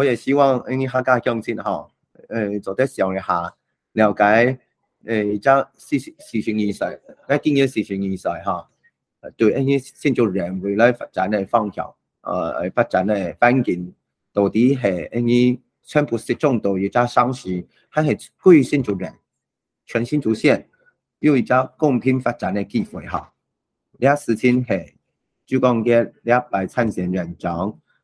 我也希望啲客家鄉親哈，誒、呃，坐啲上一下，了解誒而家事事情現實，一見嘅事情現實哈，對一啲新竹人未來發展嘅方向，誒、呃，發展嘅環境，到底係一啲全部集中到而家生時，係係貴新竹人全新出現，有一家公平發展嘅機會哈。呢一事情係周江杰嘅呢一位參選院長。